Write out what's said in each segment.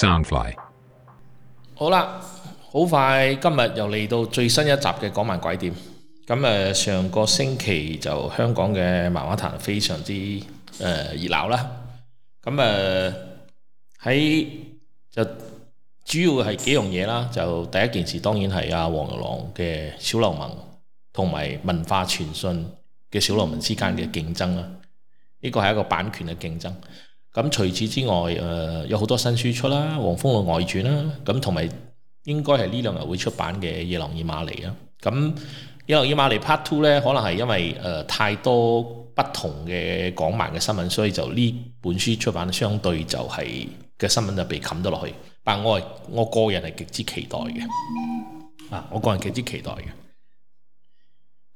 Soundfly 好啦，好快，今日又嚟到最新一集嘅《港漫鬼點》。咁、呃、誒，上個星期就香港嘅漫畫壇非常之誒、呃、熱鬧啦。咁誒喺就主要係幾樣嘢啦。就第一件事當然係阿黃玉郎嘅《小流氓》同埋文化傳信嘅《小流氓》之間嘅競爭啦。呢個係一個版權嘅競爭。咁除此之外，誒、呃、有好多新書出啦，《黃蜂嘅外傳》啦，咁同埋應該係呢兩日會出版嘅《夜狼與馬黎》啦。咁、啊《夜狼與馬黎 Part Two》咧，可能係因為誒、呃、太多不同嘅港漫嘅新聞，所以就呢本書出版相對就係嘅新聞就被冚咗落去。但我係我個人係極之期待嘅，啊，我個人極之期待嘅。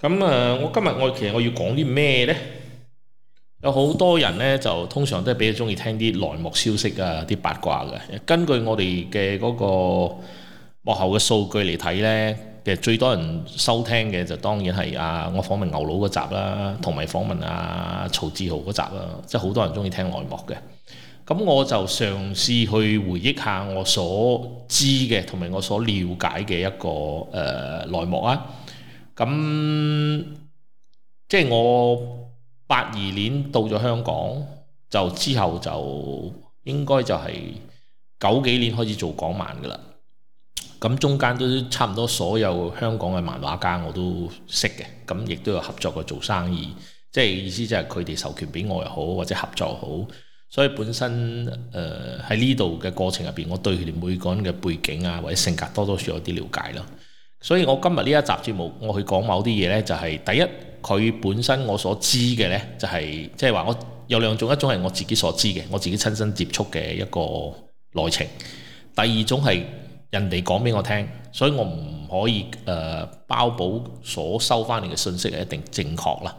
咁啊，我今日我其實我要講啲咩咧？有好多人呢，就通常都係比較中意聽啲內幕消息啊，啲八卦嘅。根據我哋嘅嗰個幕後嘅數據嚟睇呢，其實最多人收聽嘅就當然係啊，我訪問牛佬嗰集啦、啊，同埋訪問阿、啊、曹志豪嗰集啦、啊，即係好多人中意聽內幕嘅。咁我就嘗試去回憶下我所知嘅，同埋我所了解嘅一個誒、呃、內幕啊。咁即係我。八二年到咗香港，就之後就應該就係九幾年開始做港漫㗎喇。咁中間都差唔多，所有香港嘅漫畫家我都識嘅，咁亦都有合作過做生意，即係意思即係佢哋授權俾我又好，或者合作好。所以本身誒喺呢度嘅過程入邊，我對佢哋每個人嘅背景啊，或者性格多多少少有啲了解咯。所以我今日呢一集節目我去講某啲嘢呢，就係第一。佢本身我所知嘅呢、就是，就係即係話我有兩種，一種係我自己所知嘅，我自己親身接觸嘅一個內情；第二種係人哋講俾我聽，所以我唔可以誒、呃、包保所收翻嚟嘅信息係一定正確啦。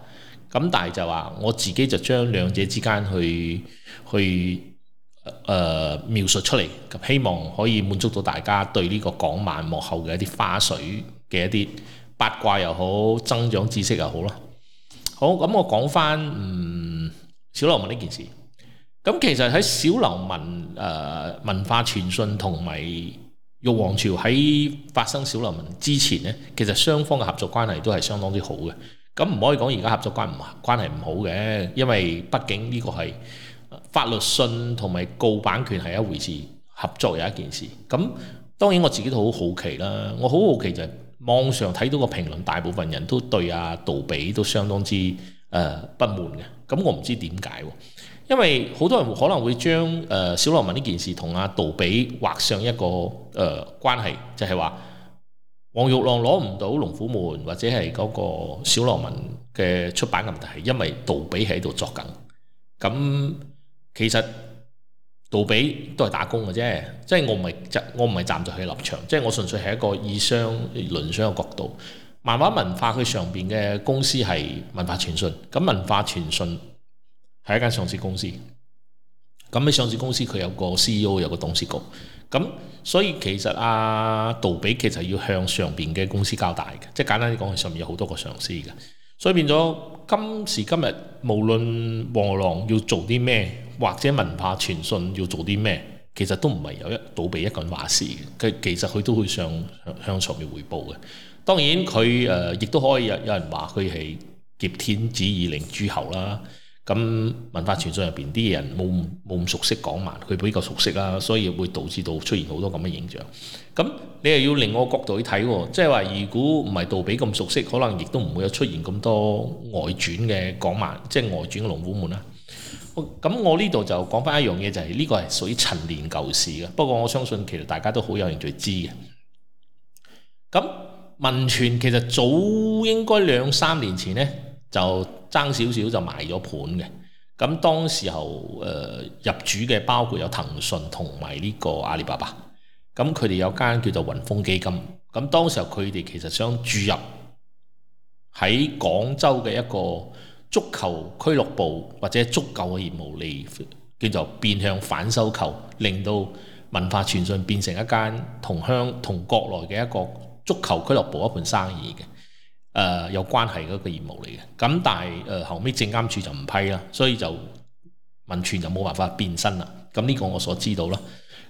咁但係就話我自己就將兩者之間去去誒、呃、描述出嚟，咁希望可以滿足到大家對呢個港漫幕後嘅一啲花絮嘅一啲。八卦又好，增長知識又好咯。好，咁我講返嗯小流氓呢件事。咁其實喺小流氓誒、呃、文化傳信同埋玉皇朝喺發生小流氓之前呢，其實雙方嘅合作關係都係相當之好嘅。咁唔可以講而家合作關唔關係唔好嘅，因為畢竟呢個係法律信同埋告版權係一回事，合作有一件事。咁當然我自己都好好奇啦，我好好奇就係、是。網上睇到個評論，大部分人都對阿、啊、杜比都相當之誒、呃、不滿嘅。咁、嗯、我唔知點解，因為好多人可能會將誒、呃、小流氓呢件事同阿杜比畫上一個誒、呃、關係，就係話黃玉郎攞唔到龍虎門或者係嗰個小流氓嘅出版嘅問題，係因為杜比喺度作緊。咁、嗯、其實。杜比都係打工嘅啫，即係我唔係站，我唔係站在佢立場，即係我純粹係一個以商、論商嘅角度。漫畫文化佢上邊嘅公司係文化傳信，咁文化傳信係一間上市公司。咁喺上市公司佢有個 CEO，有個董事局。咁所以其實啊，杜比其實要向上邊嘅公司交代嘅，即係簡單啲講，佢上面有好多個上司嘅，所以變咗今時今日，無論黃玉郎要做啲咩。或者文化傳信要做啲咩？其實都唔係有一杜比一個人話事嘅，佢其，其實佢都會上向，向上面彙報嘅。當然佢誒亦都可以有有人話佢係挾天子以令諸侯啦。咁文化傳信入邊啲人冇冇咁熟悉港漫，佢比較熟悉啦，所以會導致到出現好多咁嘅形象。咁你又要另一個角度去睇喎，即係話如果唔係杜比咁熟悉，可能亦都唔會有出現咁多外傳嘅港漫，即係外傳嘅龍虎門啦。咁我呢度就講返一樣嘢，就係、是、呢個係屬於陳年舊事嘅。不過我相信其實大家都好有興趣知嘅。咁文傳其實早應該兩三年前呢，就爭少少就賣咗盤嘅。咁當時候誒、呃、入主嘅包括有騰訊同埋呢個阿里巴巴。咁佢哋有間叫做雲峰基金。咁當時候佢哋其實想注入喺廣州嘅一個。足球俱樂部或者足球嘅業務嚟，叫做變相反收購，令到文化傳信變成一間同鄉同國內嘅一個足球俱樂部一盤生意嘅，誒、呃、有關係嗰個業務嚟嘅。咁但係誒後尾證監處就唔批啦，所以就文傳就冇辦法變身啦。咁、這、呢個我所知道啦。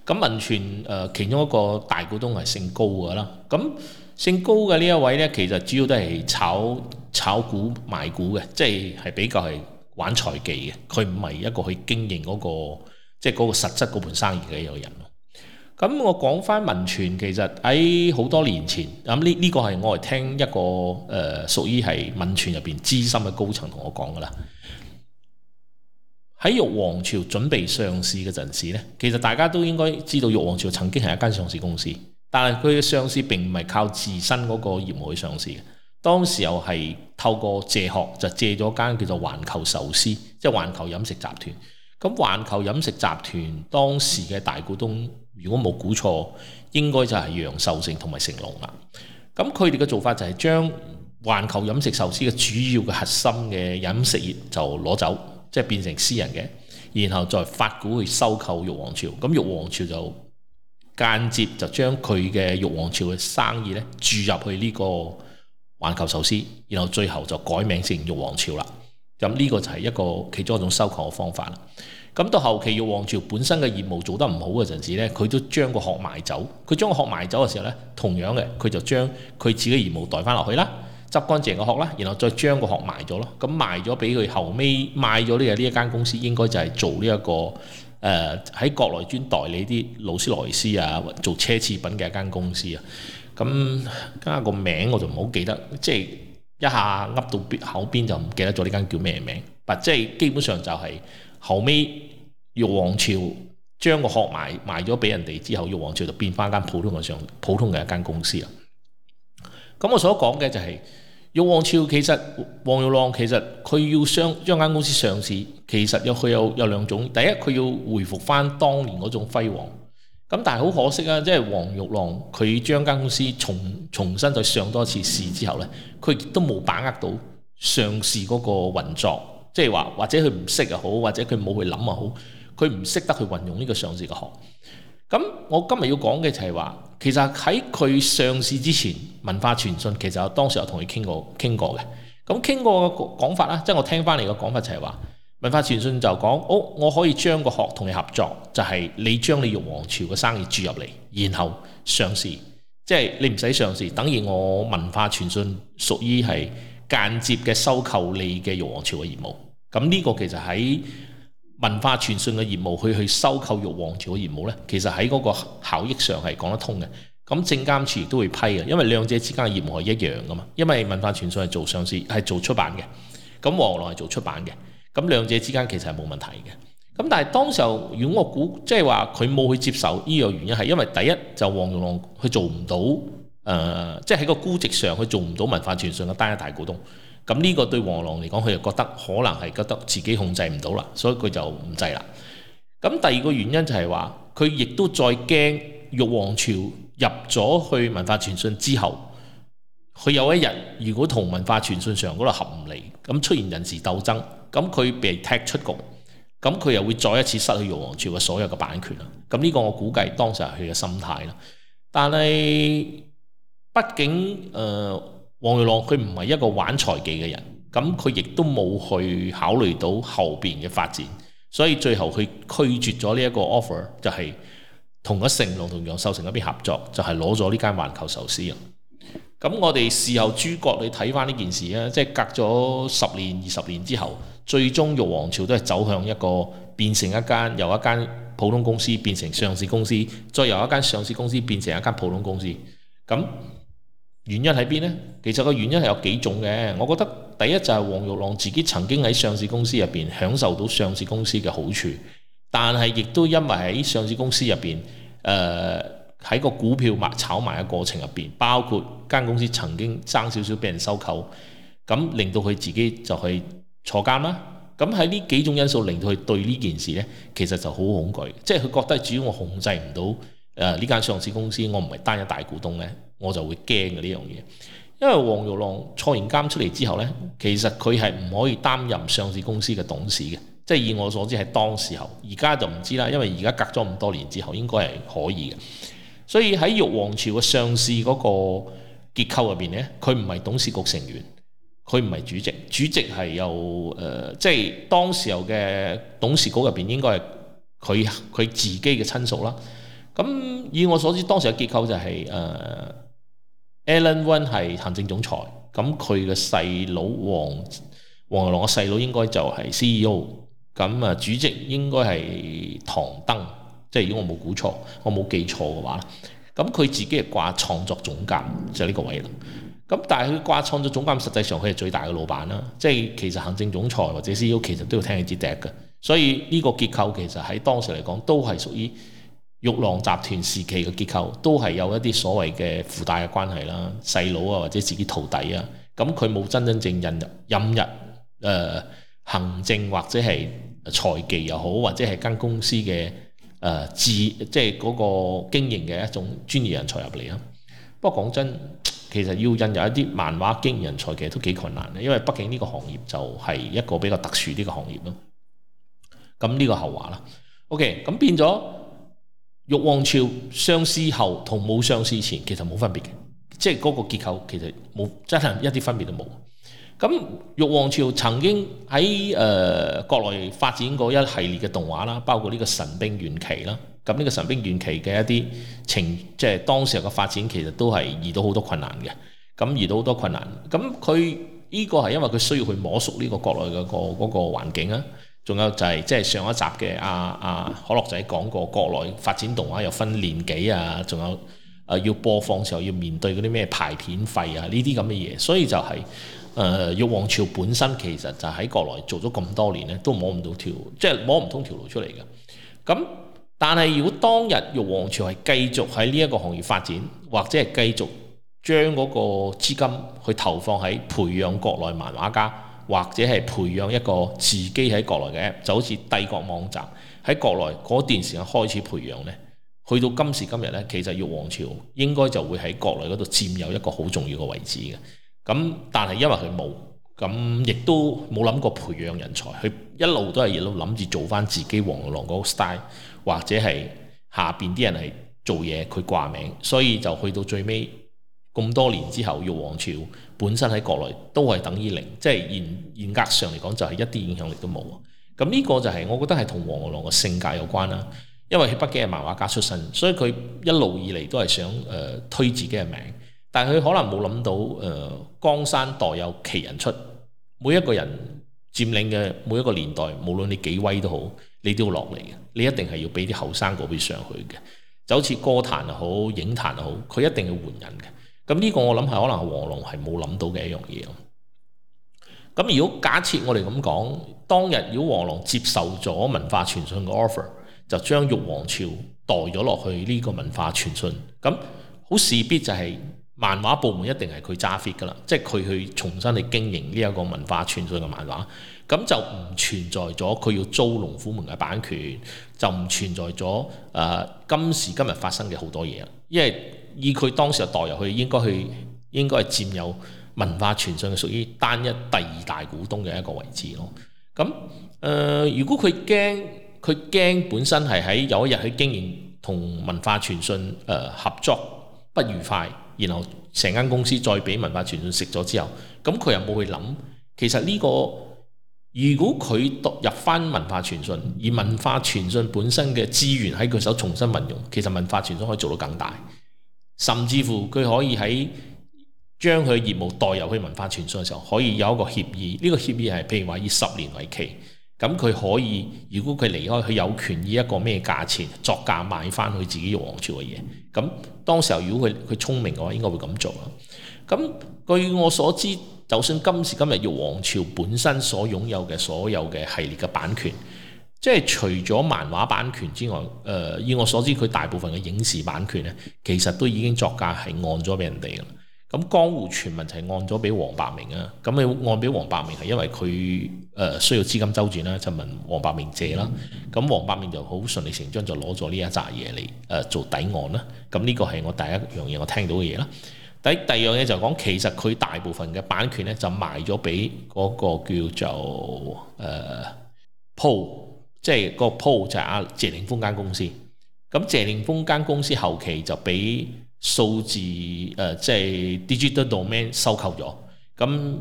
咁文傳誒其中一個大股東係姓高噶啦，咁。姓高嘅呢一位呢，其實主要都係炒炒股賣股嘅，即係係比較係玩財技嘅，佢唔係一個去經營嗰、嗰個即係嗰個實質嗰盤生意嘅一個人咯。咁我講翻文傳，其實喺好多年前，咁呢呢個係我係聽一個誒屬於係文傳入邊資深嘅高層同我講噶啦。喺玉皇朝準備上市嗰陣時咧，其實大家都應該知道玉皇朝曾經係一間上市公司。但係佢嘅上市並唔係靠自身嗰個業務去上市嘅，當時又係透過借殼，就借咗間叫做環球壽司，即係環球飲食集團。咁環球飲食集團當時嘅大股東，如果冇估錯，應該就係楊受成同埋成龍啦。咁佢哋嘅做法就係將環球飲食壽司嘅主要嘅核心嘅飲食業就攞走，即係變成私人嘅，然後再發股去收購玉皇朝。咁玉皇朝就。間接就將佢嘅玉皇朝嘅生意咧注入去呢個環球壽司，然後最後就改名成玉皇朝啦。咁呢個就係一個其中一種收購嘅方法啦。咁到後期玉皇朝本身嘅業務做得唔好嘅陣時呢，佢都將個殼賣走。佢將個殼賣走嘅時候呢，同樣嘅佢就將佢自己業務代翻落去啦，執乾淨個殼啦，然後再將個殼賣咗咯。咁賣咗俾佢後尾賣咗呢？呢一間公司應該就係做呢一個。誒喺、呃、國內專代理啲勞斯萊斯啊，做奢侈品嘅一間公司啊，咁加個名我就唔好記得，即係一下噏到口邊就唔記得咗呢間叫咩名，啊，即係基本上就係後尾，玉皇朝將個殼賣賣咗俾人哋之後，玉皇朝就變翻一間普通嘅上普通嘅一間公司啦。咁我所講嘅就係、是。有玉皇朝，其實黃玉郎其實佢要上將間公司上市，其實有佢有有兩種。第一，佢要回復翻當年嗰種輝煌。咁但係好可惜啊，即係黃玉郎佢將間公司重重新再上多次市之後呢，佢都冇把握到上市嗰個運作，即係話或者佢唔識又好，或者佢冇去諗又好，佢唔識得去運用呢個上市嘅行。咁我今日要講嘅就係話。其實喺佢上市之前，文化傳信其實我當時有同佢傾過傾過嘅，咁傾過嘅講法啦，即係我聽翻嚟嘅講法就係話，文化傳信就講，哦我可以將個學同你合作，就係你將你玉皇朝嘅生意注入嚟，然後上市，即係你唔使上市，等於我文化傳信屬於係間接嘅收購你嘅玉皇朝嘅業務，咁呢個其實喺，文化傳信嘅業務去去收購玉皇朝嘅業務呢，其實喺嗰個效益上係講得通嘅。咁證監處都會批嘅，因為兩者之間嘅業務係一樣噶嘛。因為文化傳信係做上市係做出版嘅，咁黃玉郎係做出版嘅，咁兩者之間其實係冇問題嘅。咁但係當時候如果我估即係話佢冇去接受呢樣原因係因為第一就黃玉郎佢做唔到誒，即係喺個估值上佢做唔到文化傳信嘅單一大股東。咁呢個對黃龍嚟講，佢就覺得可能係覺得自己控制唔到啦，所以佢就唔制啦。咁第二個原因就係話，佢亦都再驚玉皇朝入咗去文化傳信之後，佢有一日如果同文化傳信上嗰度合唔嚟，咁出現人事鬥爭，咁佢被踢出局，咁佢又會再一次失去玉皇朝嘅所有嘅版權啦。咁呢個我估計當時係佢嘅心態啦。但係畢竟誒，呃黃玉郎佢唔係一個玩財技嘅人，咁佢亦都冇去考慮到後邊嘅發展，所以最後佢拒絕咗呢一個 offer，就係同咗成龍同楊受成一邊合作，就係攞咗呢間環球壽司啊！咁我哋事後諸葛，你睇翻呢件事啊，即係隔咗十年二十年之後，最終玉皇朝都係走向一個變成一間由一間普通公司變成上市公司，再由一間上市公司變成一間普通公司，咁。原因喺邊呢？其實個原因係有幾種嘅。我覺得第一就係黃玉郎自己曾經喺上市公司入邊享受到上市公司嘅好處，但係亦都因為喺上市公司入邊，誒、呃、喺個股票賣炒賣嘅過程入邊，包括間公司曾經爭少少俾人收購，咁令到佢自己就係坐監啦。咁喺呢幾種因素令到佢對呢件事呢，其實就好恐懼，即係佢覺得主要我控制唔到。誒呢間上市公司，我唔係單一大股東呢，我就會驚嘅呢樣嘢，因為黃玉郎坐完監出嚟之後呢，其實佢係唔可以擔任上市公司嘅董事嘅，即係以我所知係當時候，而家就唔知啦，因為而家隔咗咁多年之後，應該係可以嘅。所以喺玉皇朝嘅上市嗰個結構入邊呢，佢唔係董事局成員，佢唔係主席，主席係由誒，即係當時候嘅董事局入邊應該係佢佢自己嘅親屬啦。咁以我所知，當時嘅結構就係、是、誒、呃、Alan One 係行政總裁，咁佢嘅細佬黃黃玉郎嘅細佬應該就係 CEO，咁啊主席應該係唐登，即係如果我冇估錯，我冇記錯嘅話，咁佢自己係掛創作總監就係、是、呢個位啦。咁但係佢掛創作總監，實際上佢係最大嘅老闆啦，即係其實行政總裁或者 CEO 其實都要聽佢支笛嘅，所以呢個結構其實喺當時嚟講都係屬於。玉郎集團時期嘅結構都係有一啲所謂嘅附帶嘅關係啦，細佬啊或者自己徒弟啊，咁佢冇真真正正引入引入誒、呃、行政或者係財技又好，或者係間公司嘅誒自即係嗰個經營嘅一種專業人才入嚟啊。不過講真，其實要引入一啲漫畫經營人才其實都幾困難嘅，因為畢竟呢個行業就係一個比較特殊啲嘅行業咯。咁呢個後話啦。OK，咁變咗。玉皇朝上市後同冇上市前其實冇分別嘅，即係嗰個結構其實冇真係一啲分別都冇。咁玉皇朝曾經喺誒、呃、國內發展過一系列嘅動畫啦，包括呢個《神兵玄奇》啦。咁呢個《神兵玄奇》嘅一啲情，即係當時嘅發展其實都係遇到好多困難嘅。咁遇到好多困難，咁佢呢個係因為佢需要去摸熟呢個國內嗰個嗰個環境啊。仲有就係即係上一集嘅阿阿可樂仔講過，國內發展動畫又分年紀啊，仲有誒、啊、要播放時候要面對嗰啲咩排片費啊呢啲咁嘅嘢，所以就係、是、誒、呃、玉皇朝本身其實就喺國內做咗咁多年咧，都摸唔到條，即係摸唔通條路出嚟嘅。咁但係如果當日玉皇朝係繼續喺呢一個行業發展，或者係繼續將嗰個資金去投放喺培養國內漫畫家。或者係培養一個自己喺國內嘅 App，就好似帝國網站喺國內嗰段時間開始培養呢，去到今時今日呢，其實玉皇朝應該就會喺國內嗰度佔有一個好重要嘅位置嘅。咁但係因為佢冇，咁亦都冇諗過培養人才，佢一路都係一路諗住做翻自己黃龍嗰個 style，或者係下邊啲人係做嘢，佢掛名，所以就去到最尾。咁多年之後，玉皇朝本身喺國內都係等於零，即係嚴、嚴格上嚟講就係一啲影響力都冇。咁呢個就係、是、我覺得係同黃玉郎嘅性格有關啦。因為佢畢竟係漫畫家出身，所以佢一路以嚟都係想誒、呃、推自己嘅名。但係佢可能冇諗到誒、呃、江山代有奇人出，每一個人佔領嘅每一個年代，無論你幾威都好，你都要落嚟嘅。你一定係要俾啲後生嗰邊上去嘅。就好似歌壇又好，影壇又好，佢一定要換人嘅。咁呢個我諗係可能黃龍係冇諗到嘅一樣嘢咯。咁如果假設我哋咁講，當日如果黃龍接受咗文化傳信嘅 offer，就將玉皇朝代咗落去呢個文化傳信。咁好，勢必就係漫畫部門一定係佢揸 fit 噶啦，即係佢去重新去經營呢一個文化傳信嘅漫畫，咁就唔存在咗佢要租龍虎門嘅版權，就唔存在咗誒、呃、今時今日發生嘅好多嘢因為。以佢當時入代入去，應該係應該係佔有文化傳信屬於單一第二大股東嘅一個位置咯。咁、呃、誒，如果佢驚佢驚本身係喺有一日佢經營同文化傳信誒、呃、合作不愉快，然後成間公司再俾文化傳信食咗之後，咁佢又冇去諗？其實呢、呢個如果佢入返文化傳信，以文化傳信本身嘅資源喺佢手重新運用，其實文化傳信可以做到更大。甚至乎佢可以喺將佢業務代入去文化傳信嘅時候，可以有一個協議。呢、這個協議係譬如話以十年為期，咁佢可以如果佢離開，佢有權以一個咩價錢作價買翻佢自己玉皇朝嘅嘢。咁當時候如果佢佢聰明嘅話，應該會咁做囉。咁據我所知，就算今時今日玉皇朝本身所擁有嘅所有嘅系列嘅版權。即係除咗漫畫版權之外，誒、呃、以我所知，佢大部分嘅影視版權呢，其實都已經作價係按咗俾人哋啦。咁《江湖傳聞》就係按咗俾黃百鳴啊。咁你按俾黃百鳴係因為佢誒、呃、需要資金周轉啦，就問黃百鳴借啦。咁黃百鳴就好順理成章就攞咗呢一扎嘢嚟誒做底案啦。咁呢個係我第一樣嘢我聽到嘅嘢啦。第第二樣嘢就係講其實佢大部分嘅版權呢，就賣咗俾嗰個叫做誒鋪，呃 Pol 即係個鋪就係阿謝霆鋒間公司，咁謝霆鋒間公司後期就俾數字誒、呃，即係 Digital Domain 收購咗，咁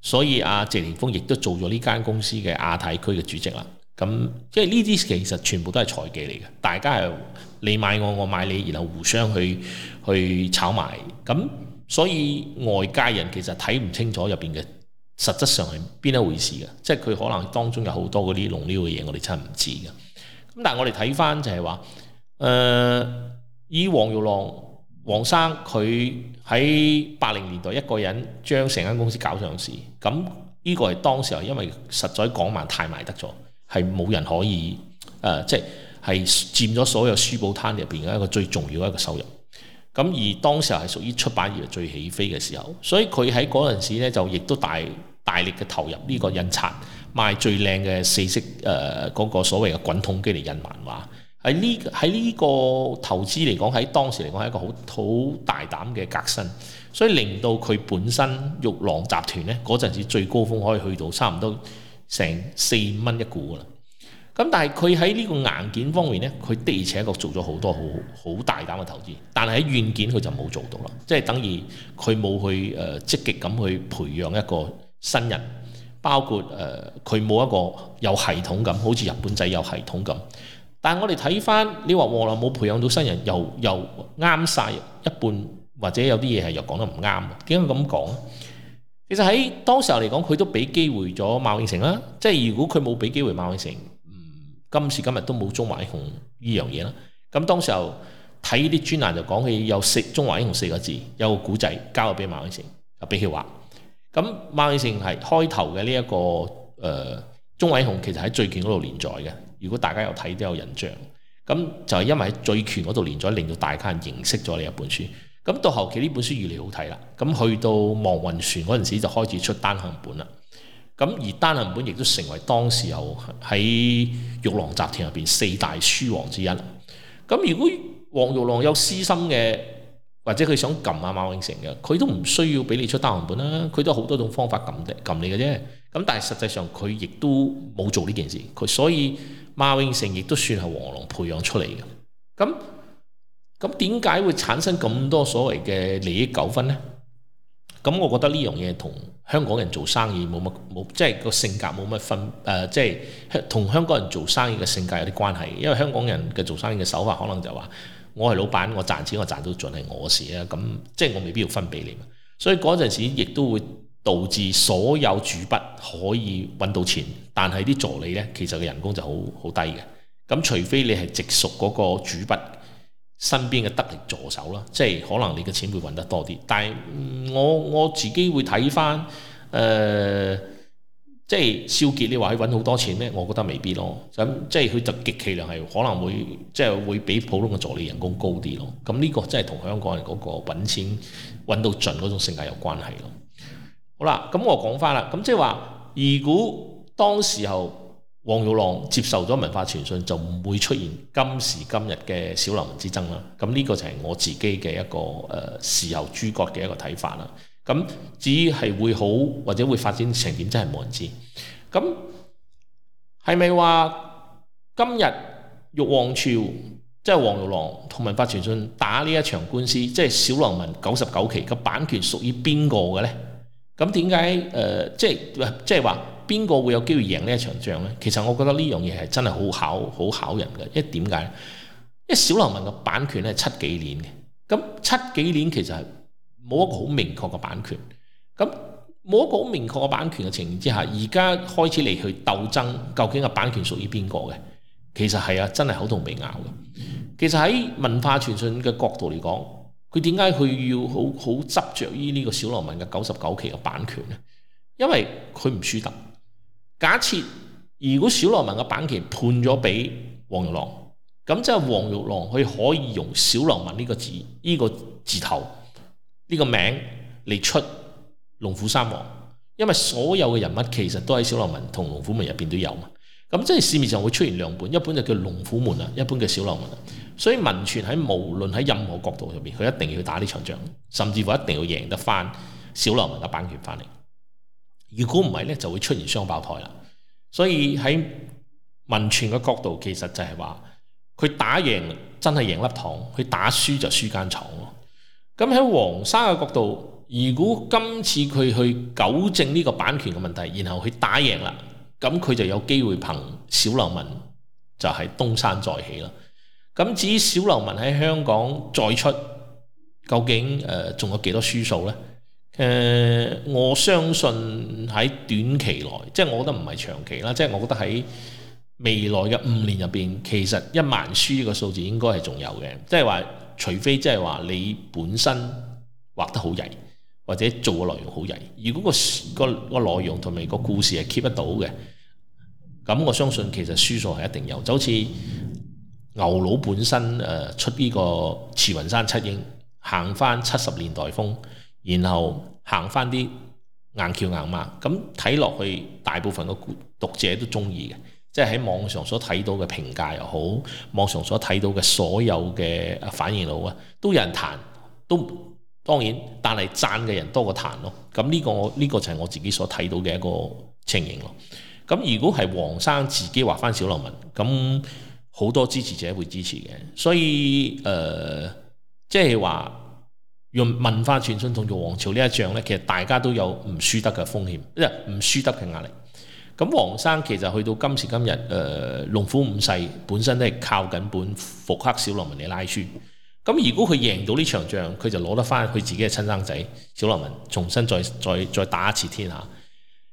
所以阿、啊、謝霆鋒亦都做咗呢間公司嘅亞太區嘅主席啦。咁即係呢啲其實全部都係財技嚟嘅，大家係你買我，我買你，然後互相去去炒埋，咁所以外界人其實睇唔清楚入邊嘅實質上係邊一回事嘅？即係佢可能當中有好多嗰啲弄撩嘅嘢，我哋真係唔知嘅。咁但係我哋睇翻就係話，誒、呃、依黃玉郎黃生佢喺八零年代一個人將成間公司搞上市。咁呢個係當時候因為實在港漫太賣得咗，係冇人可以誒、呃，即係係佔咗所有書報攤入邊嘅一個最重要一個收入。咁而當時候係屬於出版業最起飛嘅時候，所以佢喺嗰陣時咧就亦都大大力嘅投入呢個印刷，賣最靚嘅四色誒嗰，呃，那個所謂嘅滾筒機嚟印漫畫，喺呢，喺呢個投資嚟講，喺當時嚟講係一個好好大膽嘅革新，所以令到佢本身玉郎集團呢，嗰陣時最高峰可以去到差唔多成四蚊一股噶啦。咁但係佢喺呢個硬件方面呢，佢的而且確做咗好多好好大膽嘅投資，但係喺軟件佢就冇做到啦，即係等於佢冇去誒、呃、積極咁去培養一個。新人包括誒，佢、呃、冇一個有系統咁，好似日本仔有系統咁。但係我哋睇翻，你話玉郎冇培養到新人，又又啱晒一,一半，或者有啲嘢係又講得唔啱。點解咁講？其實喺當時候嚟講，佢都俾機會咗馬永成啦。即係如果佢冇俾機會馬永成，嗯、今時今日都冇中華英雄呢樣嘢啦。咁、啊、當時候睇啲專欄就講起有四中華英雄四個字，有個古仔交咗俾馬永成，就俾佢畫。咁馬榮成係開頭嘅呢一個，誒、呃、《中華英雄》其實喺《醉拳》嗰度連載嘅。如果大家有睇都有印象，咁就係因為喺《醉拳》嗰度連載，令到大家認識咗呢一本書。咁到後期呢本書越嚟越好睇啦。咁去到《望雲船》嗰陣時，就開始出單行本啦。咁而單行本亦都成為當時候喺玉郎集團入邊四大書王之一。咁如果黃玉郎有私心嘅，或者佢想撳下馬榮成嘅，佢都唔需要俾你出單行本啦，佢都好多種方法撳撳你嘅啫。咁但係實際上佢亦都冇做呢件事，佢所以馬榮成亦都算係黃玉郎培養出嚟嘅。咁咁點解會產生咁多所謂嘅利益糾紛呢？咁我覺得呢樣嘢同香港人做生意冇乜冇，即係個性格冇乜分誒、呃，即係香同香港人做生意嘅性格有啲關係。因為香港人嘅做生意嘅手法可能就話。我係老闆，我賺錢我賺到盡係我事啊！咁即係我未必要分俾你嘛。所以嗰陣時亦都會導致所有主筆可以揾到錢，但係啲助理呢，其實嘅人工就好好低嘅。咁除非你係直屬嗰個主筆身邊嘅得力助手啦，即係可能你嘅錢會揾得多啲。但係我我自己會睇翻誒。呃即係消杰，你話佢揾好多錢呢，我覺得未必咯。咁即係佢就極其量係可能會即係會比普通嘅助理人工高啲咯。咁呢個真係同香港人嗰個揾錢揾到盡嗰種性格有關係咯。好啦，咁我講翻啦。咁即係話，如果當時候黃玉郎接受咗文化傳信，就唔會出現今時今日嘅小流氓之爭啦。咁呢個就係我自己嘅一個誒事後諸葛嘅一個睇法啦。咁只係會好或者會發展成點，真係冇人知。咁係咪話今日玉皇朝即係黃玉郎同文化傳信打呢一場官司，即係小流氓九十九期嘅版權屬於邊個嘅咧？咁點解誒？即係即係話邊個會有機會贏呢一場仗咧？其實我覺得呢樣嘢係真係好考好考人嘅，因為點解？因為小流氓嘅版權咧係七幾年嘅，咁七幾年其實係。冇一個好明確嘅版權，咁冇一個好明確嘅版權嘅情形之下，而家開始嚟去鬥爭，究竟個版權屬於邊個嘅？其實係啊，真係口同鼻咬嘅。其實喺文化傳信嘅角度嚟講，佢點解佢要好好執着於呢個小流氓嘅九十九期嘅版權咧？因為佢唔輸得。假設如果小流氓嘅版權判咗俾黃玉郎，咁即係黃玉郎佢可，可以用小流氓呢個字呢、這個字頭。呢個名嚟出龍虎三王，因為所有嘅人物其實都喺小流氓同龍虎門入邊都有嘛。咁即係市面上會出現兩本，一本就叫龍虎門啊，一本叫小流氓。所以文傳喺無論喺任何角度入邊，佢一定要打呢場仗，甚至乎一定要贏得翻小流氓嘅版權翻嚟。如果唔係呢，就會出現雙胞胎啦。所以喺文傳嘅角度，其實就係話佢打贏真係贏粒糖，佢打輸就輸間廠。咁喺黃沙嘅角度，如果今次佢去糾正呢個版權嘅問題，然後去打贏啦，咁佢就有機會憑小流氓就係東山再起啦。咁至於小流氓喺香港再出，究竟誒仲、呃、有幾多輸數呢？誒、呃，我相信喺短期內，即係我覺得唔係長期啦，即係我覺得喺未來嘅五年入邊，其實一萬輸呢個數字應該係仲有嘅，即係話。除非即係話你本身畫得好曳，或者做嘅內容好曳。如果個個個內容同埋個故事係 keep 得到嘅，咁我相信其實書數係一定有。就好似牛佬本身誒出呢個慈雲山七英，行翻七十年代風，然後行翻啲硬橋硬馬，咁睇落去大部分嘅讀者都中意嘅。即係喺網上所睇到嘅評價又好，網上所睇到嘅所有嘅反應又好啊，都有人彈，都當然，但係讚嘅人多過彈咯。咁、這、呢個呢、這個就係我自己所睇到嘅一個情形咯。咁如果係黃生自己話翻小流氓，咁好多支持者會支持嘅。所以誒、呃，即係話用文化傳信同玉皇朝呢一仗呢，其實大家都有唔輸得嘅風險，即係唔輸得嘅壓力。咁黃生其實去到今時今日，誒、呃、龍虎五世本身都係靠緊本復刻小流氓嚟拉數。咁如果佢贏到呢場仗，佢就攞得翻佢自己嘅親生仔小流氓，重新再再再打一次天下。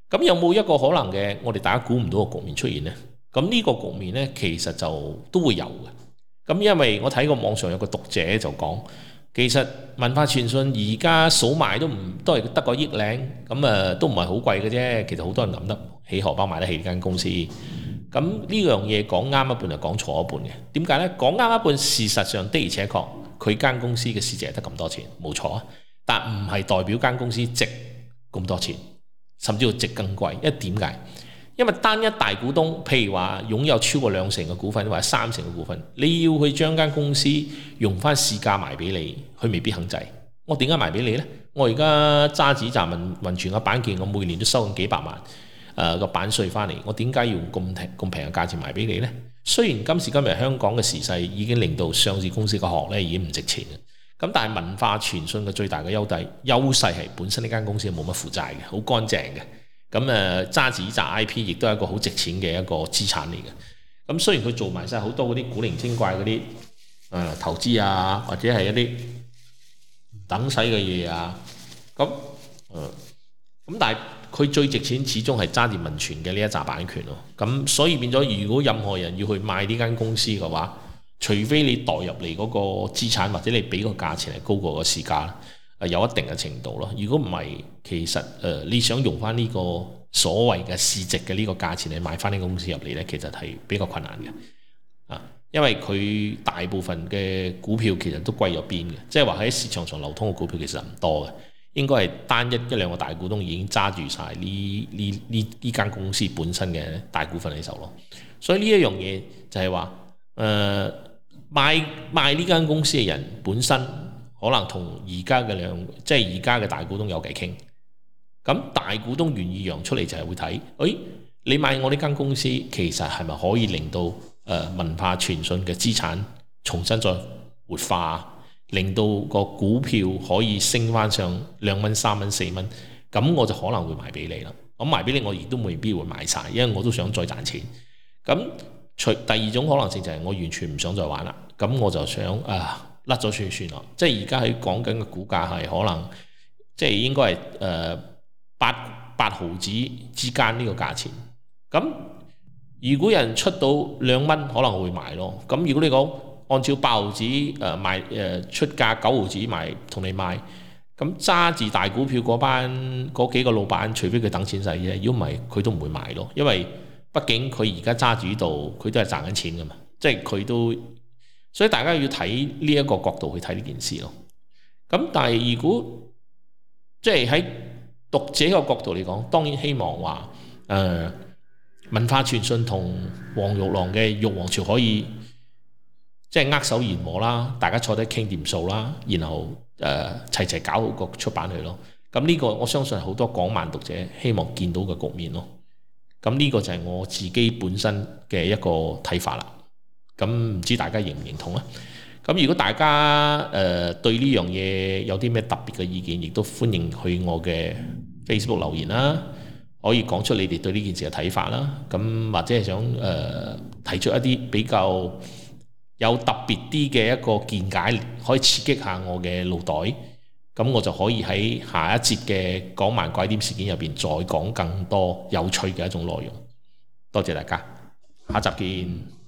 咁有冇一個可能嘅，我哋大家估唔到嘅局面出現呢？咁呢個局面呢，其實就都會有嘅。咁因為我睇過網上有個讀者就講。其實文化傳信而家數賣都唔都係得個億零，咁啊，都唔係好貴嘅啫。其實好多人諗得起荷包買得起呢間公司，咁、嗯、呢、嗯、樣嘢講啱一半就講錯一半嘅。點解呢？講啱一半事實上的而且確，佢間公司嘅市值係得咁多錢，冇錯。但唔係代表間公司值咁多錢，甚至乎值更貴。因為點解？因為單一大股東，譬如話擁有超過兩成嘅股份或者三成嘅股份，你要去將間公司用翻市價賣俾你，佢未必肯制。我點解賣俾你呢？我而家揸子站運運存嘅板件，我每年都收緊幾百萬誒個版稅翻嚟，我點解要用咁平咁平嘅價錢賣俾你呢？雖然今時今日香港嘅時勢已經令到上市公司嘅殼呢已經唔值錢啊，咁但係文化傳信嘅最大嘅優勢優勢係本身呢間公司冇乜負債嘅，好乾淨嘅。咁誒揸住呢扎 I P 亦都係一個好值錢嘅一個資產嚟嘅。咁雖然佢做埋晒好多嗰啲古靈精怪嗰啲誒投資啊，或者係一啲等洗嘅嘢啊，咁誒咁但係佢最值錢始終係揸住文傳嘅呢一扎版權咯、啊。咁、嗯、所以變咗，如果任何人要去賣呢間公司嘅話，除非你代入嚟嗰個資產或者你俾個價錢係高過個市價。有一定嘅程度咯。如果唔係，其實誒、呃、你想用翻呢個所謂嘅市值嘅呢個價錢嚟買翻呢個公司入嚟，呢其實係比較困難嘅、啊、因為佢大部分嘅股票其實都貴咗邊嘅，即係話喺市場上流通嘅股票其實唔多嘅，應該係單一一兩個大股東已經揸住晒呢呢呢呢間公司本身嘅大股份喺手咯。所以呢一樣嘢就係話誒賣賣呢間公司嘅人本身。可能同而家嘅兩，即係而家嘅大股東有偈傾，咁大股東願意讓出嚟就係會睇，誒、哎，你買我呢間公司，其實係咪可以令到誒、呃、文化傳信嘅資產重新再活化，令到個股票可以升翻上兩蚊、三蚊、四蚊，咁我就可能會賣俾你啦。買你我賣俾你，我亦都未必會買晒，因為我都想再賺錢。咁除第二種可能性就係我完全唔想再玩啦，咁我就想啊。甩咗算算咯，即係而家喺講緊嘅股價係可能，即係應該係誒八八毫子之間呢個價錢。咁如果人出到兩蚊，可能會買咯。咁如果你講按照八毫子誒賣誒出價九毫子賣同你買，咁揸住大股票嗰班嗰幾個老闆，除非佢等錢使啫，如果唔係佢都唔會買咯。因為畢竟佢而家揸住呢度，佢都係賺緊錢噶嘛，即係佢都。所以大家要睇呢一個角度去睇呢件事咯。咁但係如果即係喺讀者嘅角度嚟講，當然希望話誒、呃、文化傳信同黃玉郎嘅《玉皇朝》可以即係握手言和啦，大家坐低傾掂數啦，然後誒齊齊搞好個出版去咯。咁、嗯、呢、這個我相信好多港漫讀者希望見到嘅局面咯。咁、嗯、呢、這個就係我自己本身嘅一個睇法啦。咁唔知大家認唔認同啊？咁如果大家誒、呃、對呢樣嘢有啲咩特別嘅意見，亦都歡迎去我嘅 Facebook 留言啦，可以講出你哋對呢件事嘅睇法啦。咁或者係想誒、呃、提出一啲比較有特別啲嘅一個見解，可以刺激下我嘅腦袋。咁我就可以喺下一節嘅講萬怪點事件入邊再講更多有趣嘅一種內容。多謝大家，下集見。